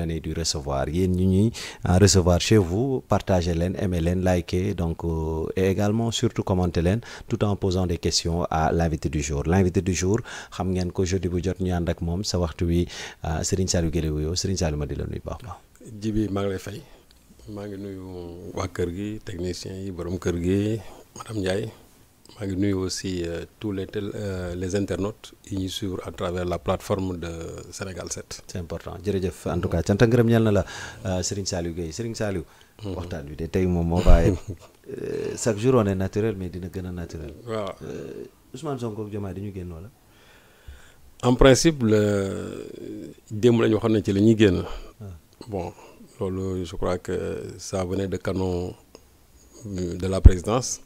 donner du recevoir yéen ñu ñuy euh, recevoir chez vous partager leen aimer leen liker donc euh, et également surtout commenter leen tout en posant des questions à l'invité du jour l'invité du jour xam ngeen ko jeudi bu jot ñu ànd ak moom sa waxtu wi euh, Serigne Saliou Guèye wuyoo Serigne Saliou ma di la nuyu baax baax. Jibi maa ngi lay fay maa ngi nuyu waa kër gi technicien yi borom kër gi madame Ndiaye. maa ngi nuyu aussi euh, tous les tel euh, les internautes yi ñuy suivre à travers la plateforme de Sénégal 7. c'est important jërëjëf en tout cas cant ak ngërëm ñeel na la euh, Serigne Saliou Gueye Serigne Saliou. Mm-hmm. waxtaan bi de tey moom moo bàyyi euh, chaque jour on est naturel mais dina gën a naturel. waaw euh, Ousmane Sonko ak Diomaye dañu démb la ñu waxoon ne ci la ñuy génn. Ah. bon loolu je crois que ça venait de de la présidence.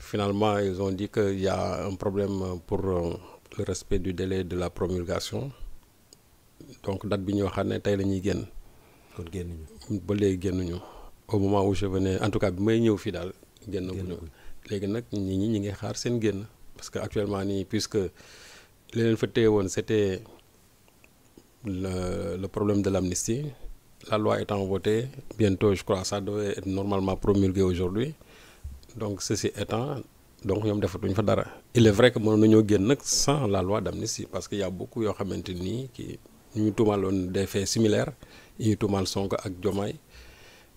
Finalement, ils ont dit qu'il y un problème pour euh, le respect du délai de la promulgation donc date bi ñu waxaat ne tey la ñuy génn. kon génnuñu. ba léegi génnuñu au moment où je en tout cas bi may ñëw fii daal. génn bu léegi nag nit ñi ñi ngi xaar seen génn. parce que actuellement nii puisque li leen fa téye woon c' était le le problème de l' amnistie la loi étant votée bientôt je crois ça devait être normalement promulguée aujourd'hui donc ceci étant donc ñoom defatuñ fa dara il est vrai que mënoon nañoo génn nag sans la loi d'amnistie parce que y a beaucoup yoo xamante nii kii ñu ñu tuumaaloon des faits similaires yi ñu tuumaal sonk ak Diomaye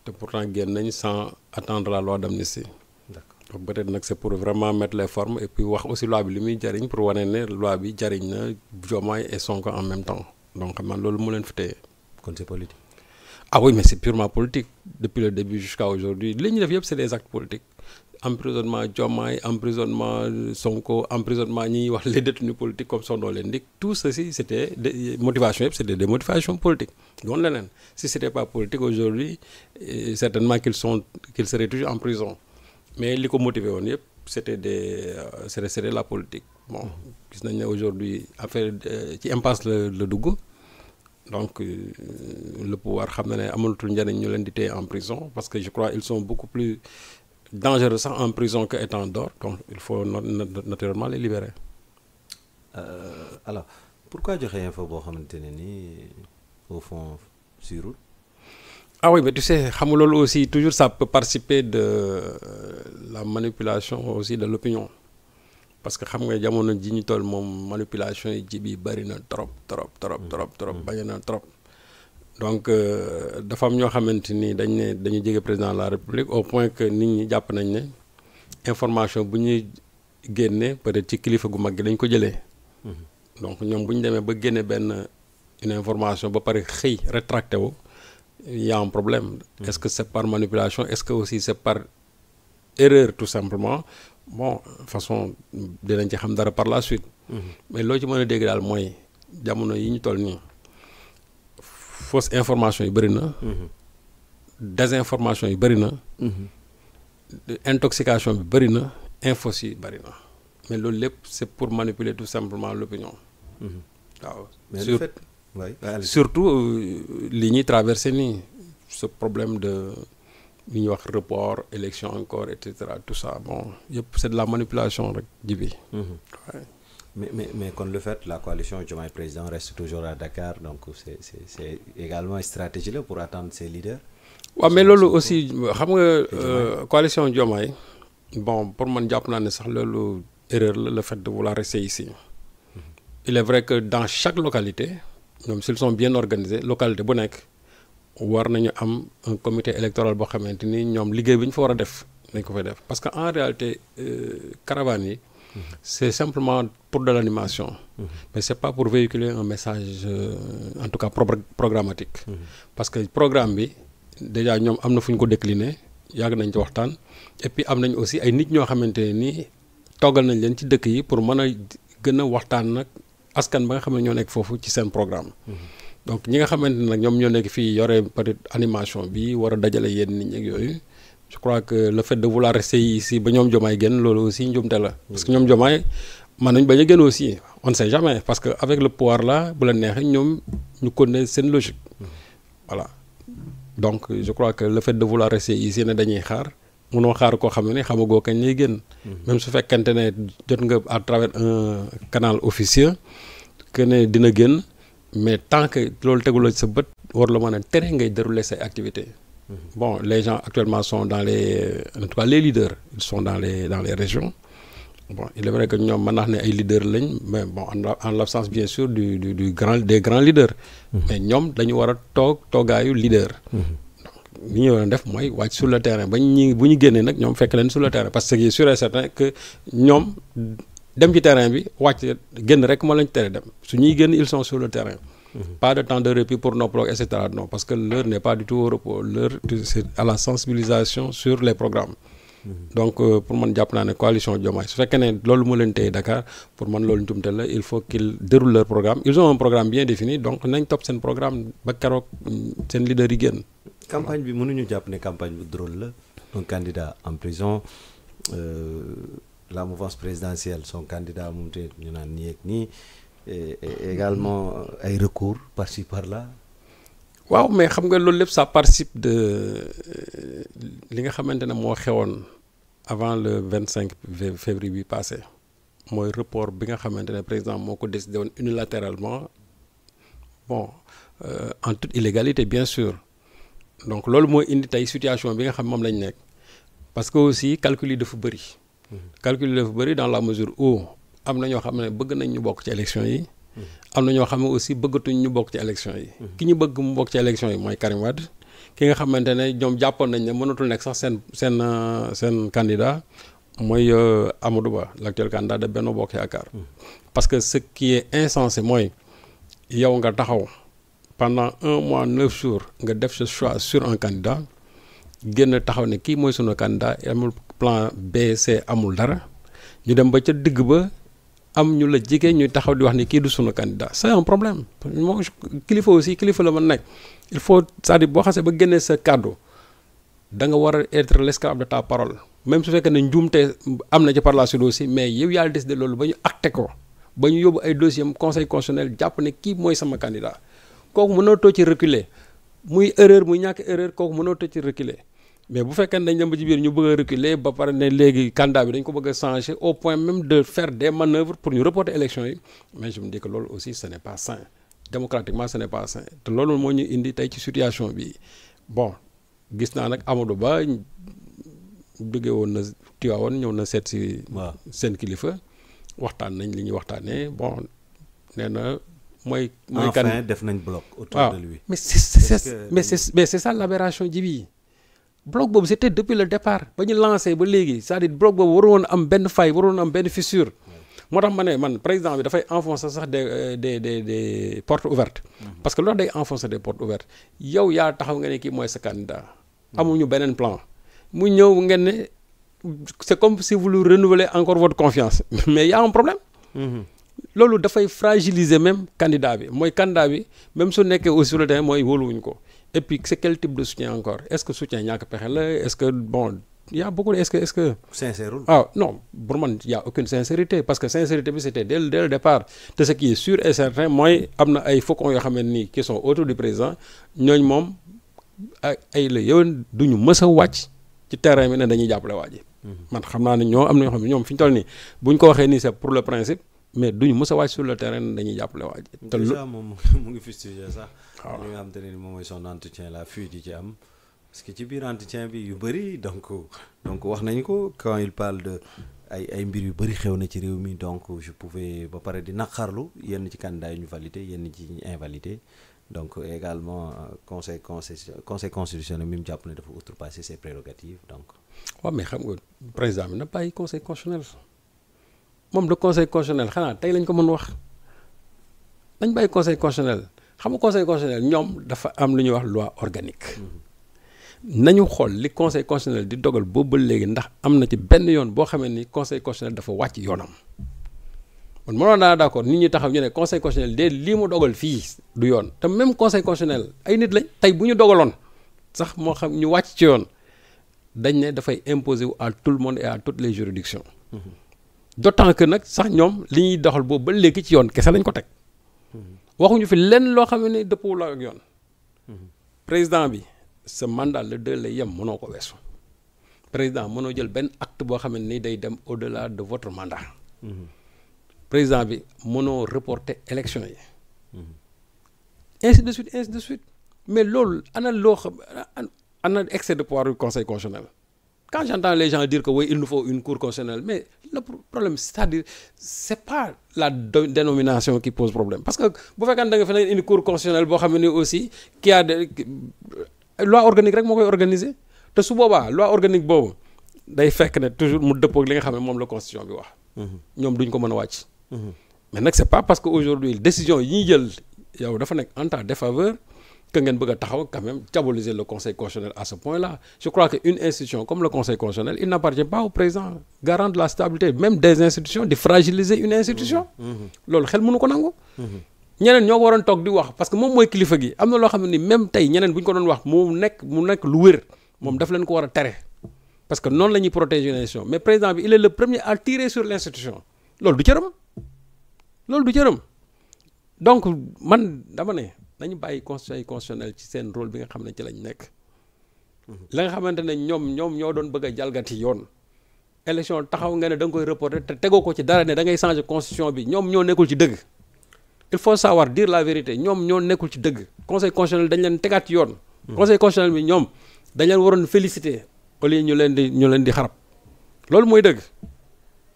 te pourtant génn nañ sans attendre la loi d'amnistie donc peut nag c'est pour vraiment mettre les forme et puis wax aussi loi bi li muy jariñ pour wane ne loi bi jariñ na Diomaye et Sonko en même temps donc xam naa loolu mu leen fi téye kon c'est politique ah oui mais c'est purement emprisonnement Diomaye emprisonnement Sonko emprisonnement ñi ñuy wax les détenus politiques comme son nom l'indique tout ceci c'était des motivations yëpp c'était des motivations politiques doon leneen si eh, li ko motivé woon yëpp c'était des euh, c'était c'était la politique bon gis affaire euh, ci impasse la la dugg donc euh, le pouvoir xam na ne amalatul njëriñ ñu leen di téye en prison parce que je crois ils sont beaucoup plus dangereux sax en prison que étant dehors donc il faut naturellement les libérer. Euh, alors pourquoi joxe info boo xamante ne nii au fond sur. ah oui mais tu sais xam aussi toujours ça peut participer de euh, la manipulation aussi de l'opinion parce que xam nga jamono ji ñu toll moom manipulation yi ji bi bëri na trop trop trop trop trop mm. bañ na trop. donc euh, dafa am ñoo xamante nii dañ ne dañu jege président de la république au point que nit ñi jàpp nañ ne information bu ñuy génne peut-être ci kilifa gu mag gi dañ ko jëlee. Mhm. donc ñoom bu ñu demee ba génnee benn information ba pare xëy rétracté wu y a problème. Mhm. est-ce que c'est par manipulation est-ce que aussi c'est par erreur tout simplement bon façon dinañ ci xam dara par la suite. Mhm. mais loo ci mën a dégg daal mooy jamono yi ñu toll nii. fausse information yi bëri na. Mhm. désinformation yi bëri na. Mhm. intoxication bi bëri na infos yi bëri na mais loolu lépp c'est pour manipuler tout simplement l'opinion. Mhm. waaw sur surtout euh, li ñuy traversé nii ce problème de li ñuy wax report élection encore et cetera tout ça bon yëpp c'est de la manipulation rek ji mais mais mais kon le fait la coalition Diomaye président reste toujours à Dakar donc c'est c'est également une stratégie là pour atteindre ses leaders. waaw ouais, mais loolu aussi xam nga. Euh, coalition Diomaye bon pour man jàpp naa ne sax loolu erreur la le fait de vouloir rester ici. Mhm. il est vrai que dans chaque localité ñoom s'ils sont bien organisés localité bu nekk war nañu am un comité électoral boo xamante ni ñoom liggéey bi ñu fa war a def nañ ko fa def parce que en réalité euh, caravanes c'est simplement pour de l'animation mais c'est pas pour véiculer un message euh, en tout cas programmatique parce que programme bi déjà ñoom am na fu ñu ko décliner yàgg nañ ci waxtaan et puis am nañ aussi ay nit ñoo xamante ne nii toggal nañ leen ci dëkk yi pour mën a gën a waxtaan nag askan ba nga xam ne ñoo nekk foofu ci seen programme donc ñi nga xamante ne nag ñoom ñoo nekk fii yore peut-être animation bi war a dajale yéen nit ñi ak yooyu je crois que le fait de vouloir rester ici ba ñoom Diomaye génn loolu aussi njuumte la parce que ñoom Diomaye mën nañ bañ a génn aussi on ne sait jamais parce que avec le pouvoir là bu la neexee ñoom ñu connaît seen logique voilà donc je crois que le fait de vouloir rester ici ne dañuy xaar mënoo xaar koo xam ne xamagoo kañ lay génn mm-hmm. même su fekkente ne jot nga à travers un canal officieux que ne dina gën mais tant que loolu teguloo sa bët war la mën a tere ngay dérouler say activités bon les gens actuellement son dans les euh, en tout cas les son ils sont dans les dans les régions bon il est que ñoom mën naa ne ay leaders lañ mais bon en l'absence bien sûr du du du grand des mhm. mais ñoom dañu war a toog toogaayu leader. Mhm. li ñu war a def mooy wàcc sur le terrain ba ñi bu ñu génnee nag ñoom fekk leen sur le terrain parce que sur est sûr certain que ñoom dem ci terrain bi wàcc génn rek moo lañ tere dem su ñuy génn ils son sur le terrain. Pas de temps de répit pour nos blocs, etc. Non, parce que l'heure n'est pas du tout au repos. L'heure, c'est à la sensibilisation sur les programmes. Mm-hmm. donc euh, pour man jàpp naa ne coalition Diomaye su fekkee ne loolu moo leen téye Dakar pour man loolu njumte la il faut qu'ils déroulent leur programme ils ont un programme bien défini donc nañ topp seen programme ba keroog mm, seen leader yi génn. campagne bi mënuñu jàpp ne campagne bu drôle la un candidat en prison euh, la mouvance présidentielle son candidat moom te ñu naan nii ak nii. et, également ay recours par ci par la waaw mais xam nga loolu lépp ça participe de euh, li nga xamante ne moo xewoon avant le vingt cinq février bi passé mooy report bi nga xamante ne exemple moo ko décidé woon unilatéralement bon euh, en toute illégalité bien sûr donc loolu mooy indi tey situation bi nga xam moom lañ nekk parce que aussi calcule yi dafa bëri. Mm-hmm. calcul yi dafa bari dans la mesure où. am na ñoo xam ne bëgg nañ ñu bokk ci élection yi. am na ñoo xam ne aussi bëggatuñ ñu bokk ci élection yi. Mhm. ki ñu bëgg mu bokk ci élection yi mooy Karim ki nga xamante ne ñoom jàppoon nañ ne mënatul nekk sax seen seen euh, seen candidat mooy euh, Amadou Ba l'actuel candidat de Benno Bokk Yaakaar. Mhm. parce que ce qui est mooy yow nga taxaw pendant mois neuf jours nga def ce choix sur un candidat génn taxaw ne kii mooy sunu candidat amul plan B amul dara ñu dem ba ca digg ba. am ñu la jigéen ñu taxaw di wax ni kii du sunu candidat c'est un problème moo kilifa aussi kilifa la mën nekk il faut c'est-à-dire boo xasee ba génnee sa kàddu da nga war a être l'esclave de ta parole même su fekkee ne njuumte am na ci par la suite aussi mais yow yaa décidé loolu ba ñu acté ko ba ñu yóbbu ay dossier conseil constitutionnel jàpp ne kii mooy sama candidat kooku mënoo too ci reculer muy erreur muy ñàkk erreur kooku mënoo ci reculer mais bu fekkee ne dañ dem ci biir ñu bëgg a reculer ba pare ne léegi candidat bi dañ ko bëgg a changer au point même de faire des manœuvres pour ñu reporter élection yi mais je me dis que loolu aussi ce n'est pas sain démocratiquement moo ñu indi tey ci situation bi bon gis naa nag Amadou Ba jóge woon na Tiwaawoon ñëw na seet si. seen kilifa waxtaan nañ li ñuy waxtaanee bon nee na. mooy mooy kan def nañ bloc autour de lui. mais c'est mais c'est mais c'est ça l'aberration ji bloc boobu c'était depuis le départ ba ñu lancé ba léegi c'est-à-dire bloc boobu waroon am benn faille waroon am benn fissure moo tax ma ne man par bi dafay enfoncer sax des euh, des des des portes ouvertes mhm. parce que loolu day enfoncer des portes ouvertes yow yaa taxaw nga ne kii mooy sa candidat mhm. amuñu beneen plan mu ñëw ngeen ne c'est comme si vous renouvelez encore votre confiance mais y a problème. Mhm. loolu dafay fragiliser même candidat bi mooy candidat bi même su nekkee au sur le terrain mooy wóoluwuñ ko et puis c'est quel type de soutien encore est-ce que soutien ñàkk pexe la est-ce que bon y a de est-ce que est-ce ah non pour man y a parce que sincérité bi c'était dès dès le départ te ce qui est sûr et certain mooy am na ay faucons yoo xam ne nii qui sont autour du président ñooñ moom ay la yow duñu ñu a wàcc ci terrain bi ne dañuy jàppale waa ji. Mm-hmm. man xam ñoo na ñoo ñu toll nii bu ñu waxee nii c'est le principe. mais duñu mës a wàcc sur le terrain dañuy jàppale waaj. te lu déjà moom mu ngi fustigé sax. waaw li xam te ne moom mooy son entretien la fuite yi ci am. parce que ci biir entretien bi yu bëri donc donc wax nañu ko quand il parle de ay ay mbir yu bëri xew na ci réew mi donc je pouvais ba pare di naqarlu yenn ci candidat yu ñu validé yenn ci ñu donc également conseil conseil conseil constitutionnel mi mu jàpp ne dafa outrepasser ses prérogatives donc. waaw mais moom du conseil constitutionnel xanaa tey lañ ko mën wax dañ bàyyi conseil constitutionnel xam nga conseil constitutionnel ñoom dafa am lu ñuy wax loi organique nañu xool li conseil constitutionnel di dogal boobu ba léegi ndax am na ci benn yoon boo xamee ni conseil constitutionnel dafa wàcc yoonam man mënoon naa d'accord nit ñi taxaw ñu ne conseil constitutionnel de lii mu dogal fii du yoon te même conseil constitutionnel ay nit lañ tey bu ñu dogaloon sax moo xam ñu wàcc ci yoon dañ ne dafay imposer wu à tout le monde et les juridictions. Mm-hmm. d'autant que nag sax ñoom li ñuy doxal boobu ba léegi ci yoon kese lañ ko teg waxuñu fi lenn loo xam ne dëppoo la ak yoon président bi sa mandat la deux lay yem mënoo ko weesu président mënoo jël benn act boo xam ni day dem au delà de votre mandat président bi mënoo reporter élection yi ainsi de suite ainsi de suite mais loolu ana loo xam ana excès de pouvoir du conseil constitutionnel quand j'entends les gens dire que oui il nous faut une cour constitutionnelle mais problème c'est-à-dire c'est pas la dénomination qui pose problème parce que bu fekkee da nga fa indi cour constitutionnelle boo xam ne aussi qui a de loi organique rek moo koy organiser te su boobaa loi organique boobu day fekk ne toujours mu dëppoo ak li nga xam ne moom la constitution bi wax. Mm-hmm. ñoom duñ ko mën a wàcc. Mm-hmm. mais nag c'est pas parce que aujourd'hui décision yi ñuy jël yow dafa nekk en ta défaveur. que ngeen bëgg a taxaw quand même diaboliser le conseil constitutionnel à ce point là je crois que une institution comme le conseil constitutionnel il n'appartient pas au garant de la stabilité même des de fragiliser une institution mm-hmm. Mm-hmm. loolu xel mënu ko nangu mm-hmm. ñeneen ñoo waroon toog di wax parce que moom mooy kilifa gi am na loo xam ne ni même tey ñeneen bu ñu ko doon wax mu moom daf leen ko war a tere parce que noonu la ñuy protéger une institution mais président bi il est le premier à tirer sur l'institution loolu du cëram loolu du cëram donc man dama ne nañu bàyyi conseil constitutionnel ci seen rôle bi nga xam ne ci lañ nekk. la nga xamante ne ñoom ñoom ñoo doon bëgg a jalgati yoon. élection taxaw nga ne da nga koy reporter te tegoo ko ci dara da ngay changer constitution bi ñoom ñoo nekkul ci dëgg. il faut savoir dire la vérité ñoom ñoo nekkul ci dëgg. conseil constitutionnel dañ leen tegaat ci yoon. Hmm. conseil constitutionnel bi ñoom dañ leen waroon félicité au lieu ñu leen di ñu leen di xarab loolu mooy dëgg.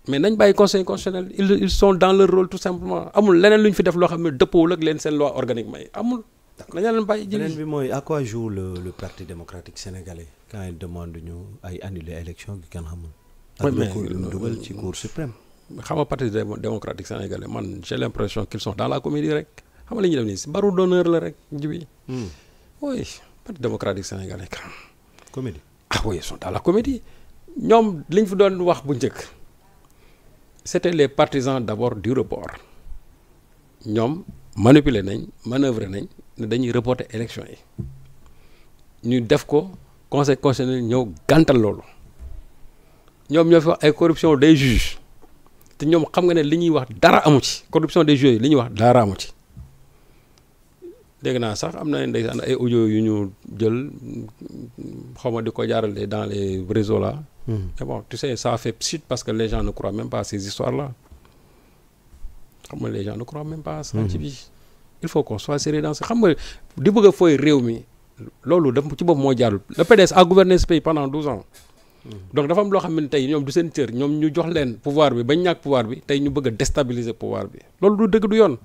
mais nañ bàyyi conseil constitutionnel ils ils sont dans leur rôle tout simplement amul leneen lu fi def loo xam ne dëppoowul ak leen seen loi organique may amul. nañu leen bàyyi jëli beneen bi mooy a quoi joue le le parti démocratique sénégalais quand il demande ñu ay annuler élection gi kenn xamul. ak lu dugal ci euh, cour suprême. xam nga démocratique sénégalais man j'ai l'impression qu'ils sont dans la comédie rek xam nga li ñuy def nii si baru d'honneur la rek jibi hmm. démocratique sénégalais quand comédie ah la comédie ñoom liñ fi doon wax bu njëkk. c'était les partisans d'abord du report ñoom manipuler nañ manœuvrer nañ ne dañuy reporter élection yi ñu def ko conseil constitutionnel ñëw gàntal loolu ñoom ñoo fi wax ay corruption des juges te ñoom xam nga ne li ñuy wax dara amu ci corruption des juges li ñuy wax dara amu ci dégg naa sax am na ndeysaan ay audio yu ñu jël xaw ma di ko jaarale dans les réseaux là. Hmm. bon tu sais ça fait pchit parce que les gens ne croient même pas à ces histoires là xam nga les gens ne croient même pas à ci hmm. bi il faut qu'on soit sérieux dans ce xam nga di bëgg a réew mi loolu daf ci bopp moo jaarul le PDS a gouverné ce pays pendant douze ans. Hmm. donc dafa am loo xam ne tey ñoom du seen cër ñoom ñu jox leen pouvoir bi bañ ñàkk pouvoir bi tey ñu bëgg a déstabiliser pouvoir bi loolu du dëgg du yoon.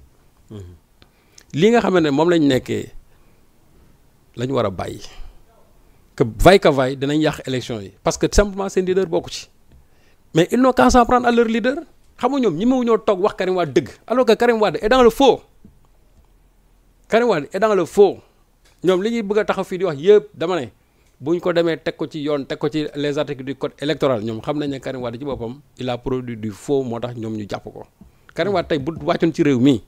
li nga xam ne moom lañ nekkee lañu war a bàyyi que vaille que vaille dinañ yàq élection yi parce que simplement seen leader bokku ci mais ils n'ont qu'à s'en prendre à leur leader xam nga ñoom ñi mu ñoo toog wax Karim Wade dëgg alors que Karim Wade est dans le faux Karim ñoom li ñuy bëgg a taxaw fii di wax yëpp dama ne bu ñu ko demee teg ko ci yoon teg ko ci les articles du code électoral ñoom xam nañ ne Karim ci boppam il produit du faux moo tax ñoom ñu jàpp ko Karim tey bu wàccoon ci réew mi.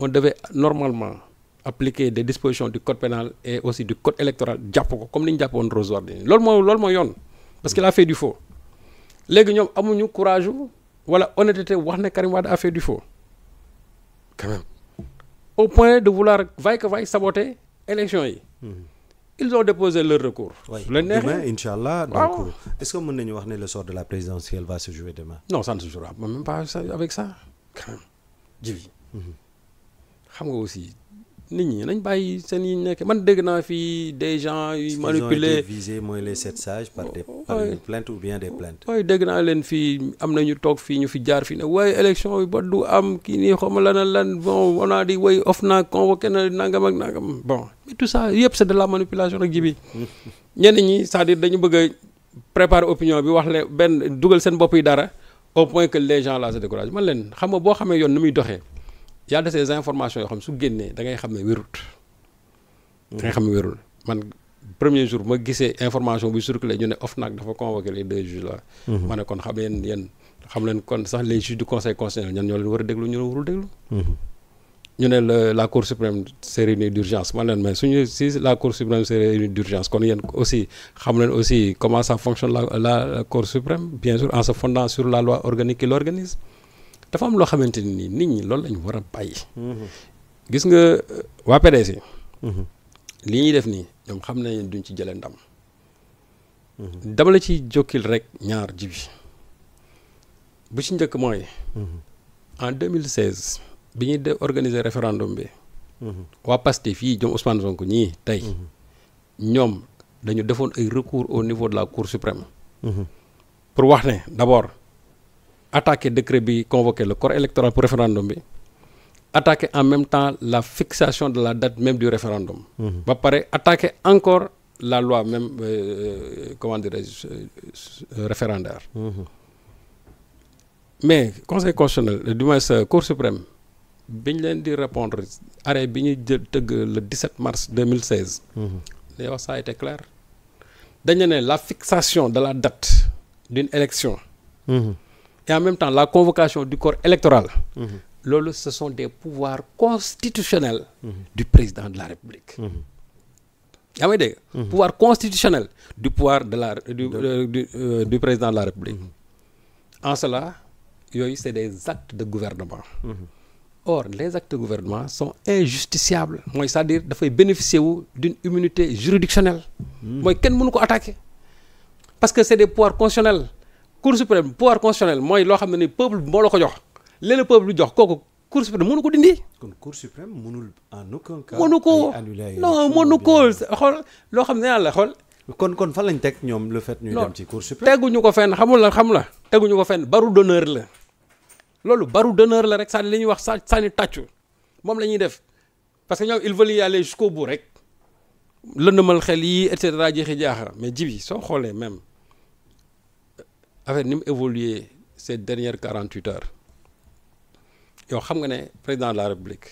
on devait normalement appliquer des dispositions du code pénal et aussi du code électoral jàpp ko comme ni ñu jàppoon Rose Wardini loolu mooy loolu mooy yoon parce qu'il a fait du faux léegi ñoom amuñu courage wala honnêteté wax ne Karim Wade a fait du faux quand au point de vouloir vaille que vaille saboter élection yi. Hmm. ils ont déposé leur recours. Oui. le neexee demain incha allah. donc wow. est-ce nañu wax ne le sort de la présidentielle va se jouer demain. non ça ne se pas avec xam nga aussi nit ñi nañ bàyyi seen yi nekk man dégg naa fii des gens yu manipulé visé mooy les sept sages par des par une plainte ou waaye dégg naa leen fii am na ñu toog fii ñu fi jaar fii ne waaye élection bi ba du am kii nii xawma lan lan bon on a di way off naa convoqué na nangam ak nangam bon mais tout ça yëpp c'est de la manipulation ak jibi ñenn ñi c'est-à-dire dañu bëgg a préparer opinion bi wax le benn dugal seen bopp yi dara au point que les gens là se découragent man leen xam nga boo xamee yoon ni muy doxee y a information yoo xam su génnee dangay xam ne wérut da ngay xam ne wérul man premier jour ma gisee information bu circulé ñu ne OFNAC dafa convoqué les deux juges là mhm. ma ne kon xam ngeen yéen xam leen kon sax les juges du conseil constitutionnel ñan ñoo leen war a déglu mhm. ñu ne warul ñu ne la la cour suprême s'est réunie d'urgence man leen mais suñu si la cour suprême s'est réunie d'urgence kon yéen aussi xam ne aussi comment ça fonctionne la la cour suprême bien sûr en se fondant sur la loi organique dafa loo xamante ni nit ñi loolu lañu war a bàyyi. Mhm. gis nga euh, waa PDS yi. Mhm. li ñuy def nii ñoom xam nañ duñ ci jële ndam. Mhm. dama la ci jokkil rek ñaar ji bu ci njëkk mooy. en 2016 bi ñuy de organiser référendum bi. waa Pastef yi ñoom Ousmane Sonko ñii tey. ñoom dañu defoon ay recours au niveau de la Cour suprême. pour wax ne d'abord. attaquer décret bi convoqué le corps électoral pour référendum bi attaquer en même temps la fixation de la date même du référendum. Mhm. ba pare attaque encore la loi même euh, euh, comment dirais-je référendaire. Mhm. mais conseil constitutionnel du moins cour suprême biñ leen di répondre arrêt bi ñuy jël tëgg le 17 mars 2016. day mhm. wax ça a été clair dañu ne la fixation de la date d'une élection. et en même temps la convocation du corps électoral mhm. loolu ce sont des pouvoirs constitutionnels mhm. du président de la république mhm. yaa may dégg pouvoir de la du euh, du euh, du président de la république en cela yooyu c'est des actes de gouvernement or les actes de gouvernement sont injusticiables mooy c'est-à-dire dafay bénéficier wu d'une immunité juridictionnelle mooy kenn mënu ko attaquer parce que c'est des pouvoirs constitutionnels cour suprême pouvoir constitutionnel mooy loo xam ne ni peuple moo la ko jox léeg peuple bi jox kooku cour suprême mënu ko dindi. kon cour suprême mënul en aucun cas. mënu ko non mënu ko xool loo xam ne la xool. kon kon fan lañ teg ñoom le fait ñuy dem ci cour suprême teguñu ko fenn xamul la xam la teguñu ko fenn baru d'honneur la loolu baru d'honneur la rek sànni li ñuy wax sa ni tàccu moom la ñuy def parce que ñoom ils veulent y aller jusqu'au bout rek lëndëmal xel yi et cetera jeexi jaaxa mais jibi soo xoolee même affaire ni mu évolué ces dernière quarante huit heures yow xam nga ne président de la république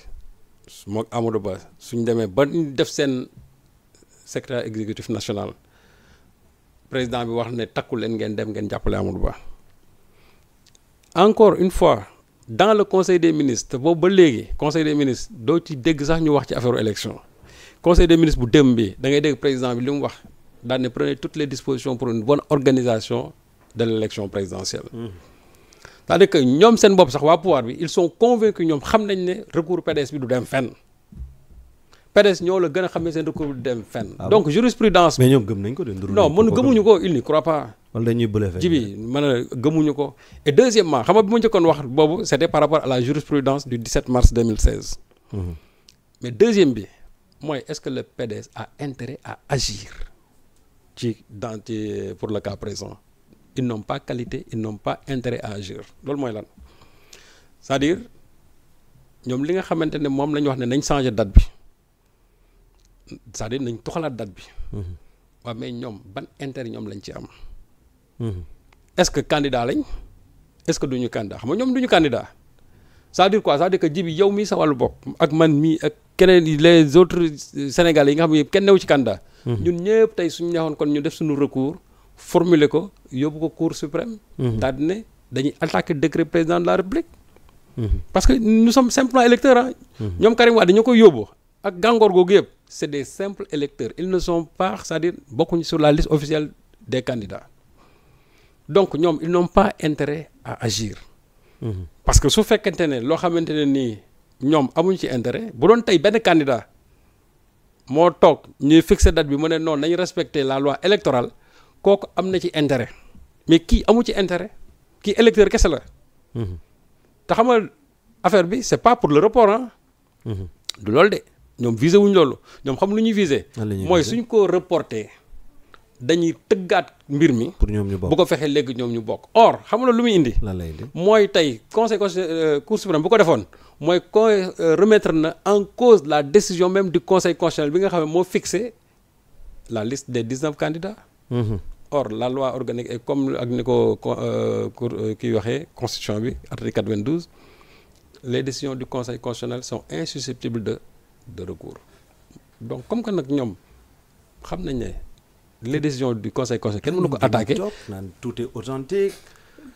mook Amadou Ba suñ demee ba ñu def seen secrétaire exécutif national président bi wax ne takku leen ngeen dem ngeen jàppale Amadou Ba encore une fois dans le conseil des ministres boobu ba léegi conseil des ministres doo ci dégg sax ñu wax ci affaire élection conseil de ministres bu démb bi da ngay dégg président bi li mu wax daan ne prenez toutes les dispositions pour une organisation de l' élection présidentielle. cest à que ñoom seen bopp sax waa pouvoir bi ils sont convaincus ñoom xam nañ ne recours PDS bi du dem fenn. PDS ñoo la gën a xam ne seen recours du dem fenn. Ah donc jurisprudence mais ñoom gëm nañ ko de. non mën gëmuñu ko il n'y croit pas. wala dañuy ko. et deuxièmement xam nga bi ma njëkkoon wax boobu c' était par rapport à la jurisprudence du 17 mars 2016. Mhm. mais deuxième bi mooy est ce que le PDS a intérêt à agir ci dans ci pour le cas présent. ils n'ont pas qualité ils n'ont pas intérêt à agir loolu mooy lan c'est-à-dire ñoom li nga xamante ne moom la ñu wax ne nañ changer date bi c'est-à-dire nañ toxalaat date bi. Mm-hmm. waaw mais ñoom ban intérêt ñoom lañ ci am. Mm-hmm. est-ce que candidat lañ est-ce que duñu candidat xam nga ñoom duñu candidat c'est-à-dire quoi c'est-à-dire que jibi yow mii sa wàllu bopp ak man mii ak keneen les autres euh, sénégalais yi nga xam ne kenn newu ci candidat. Mm-hmm. ñun ñëpp tey suñu neexoon kon ñu def suñu recours. formuler ko yóbbu ko cour suprême. Mhm. daal dañuy attaquer décret président de la république. Mhm. parce que nous sommes simplement électeurs ah. ñoom Karim Wade ñoo koy yóbbu ak gàngoor googu yëpp c' est des simples électeurs ils ne sont pas c' est à dire bokkuñu sur la liste officielle des candidats donc ñoom ils n'ont pas intérêt à agir. parce que su fekkente ne loo xamante ne nii ñoom amuñ ci intéret bu doon tey benn candidat moo toog ñuy fixer date bi mu ne noonu nañu respecter la loi électorale. kooku am na ci intérêt mais kii amu ci intérêt kii électeur kese la. te xam nga affaire bi c'est pas pour le report am du loolu de ñoom visé wuñ loolu ñoom xam lu ñuy visé. mooy suñ ko reporté dañuy tëggaat mbir mi. ñoom ñu bokk bu ko fexee léegi ñoom ñu bokk. or xam nga lu muy indi. lan lay indi mooy tey conseil euh, cour suprême bu ko defoon mooy con euh, remettre na en cause la décision même du conseil constitutionnel bi nga xam ne moo fixé la liste de dix-neuf Mm-hmm. or la loi organique est comme ak ni ko euh, cour euh, kii waxee constitution bi article 92 les décisions du conseil constitutionnel sont insusceptibles de de recours donc comme que nag ñoom xam nañ ne les décisions du conseil conseil kenn mënu ko attaquer. naan tout est authentique.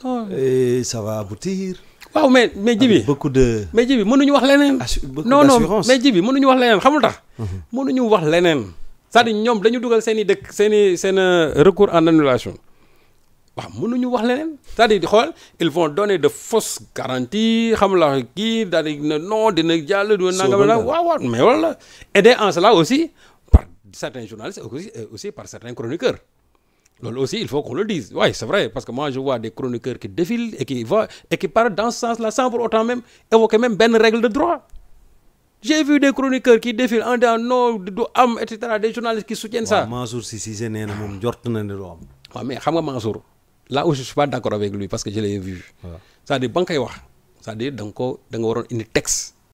Oh. et ça va aboutir. waaw mais mais ji bi beaucoup de. mais ji bi mënuñu wax leneen. non non mais ji bi mënuñu wax leneen xamul tax. Mm-hmm. mënuñu wax leneen. cest à ñoom dañu dugal seen i dëkk seen i seen recours en annulation waaw mënuñu wax leneen c'est-à-dire xool ils vont donner de fausses garanties xam la kii daal di ne non dina jàll du nangam na waaw waaw mais wala aidé en cela aussi par certains journalistes aussi, euh, aussi par certains chroniqueurs loolu aussi il faut qu'on le dise waaye c'est vrai parce que moi je vois des chroniqueurs qui défilent et qui voient dans ce sens-là sans pour autant même évoquer même benn règle de droit j'ai vu des chroniqueurs qui défilent en disant non du am et cetera des journalistes qui soutiennent ça. waaw si Cissé nee na moom jort na ne du am. waaw mais xam nga Mansour la aussi je suis pas avec lui parce que je l'ai vu. waaw c'est-à-dire ba nga koy wax cest da nga ko da nga waroon indi